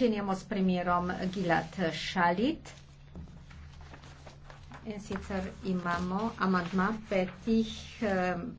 začenjamo s primerom Gilad Šalit. In sicer imamo amadma petih eh,